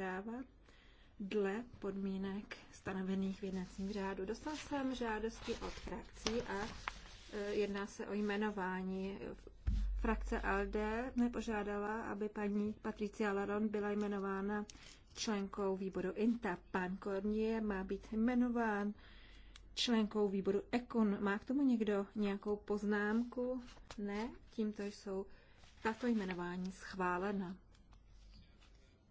práva dle podmínek stanovených v jednacím řádu. Dostal jsem žádosti od frakcí a e, jedná se o jmenování. Frakce LD mě požádala, aby paní Patricia Laron byla jmenována členkou výboru INTA. Pan Kornie má být jmenován členkou výboru ECON. Má k tomu někdo nějakou poznámku? Ne, tímto jsou tato jmenování schválena.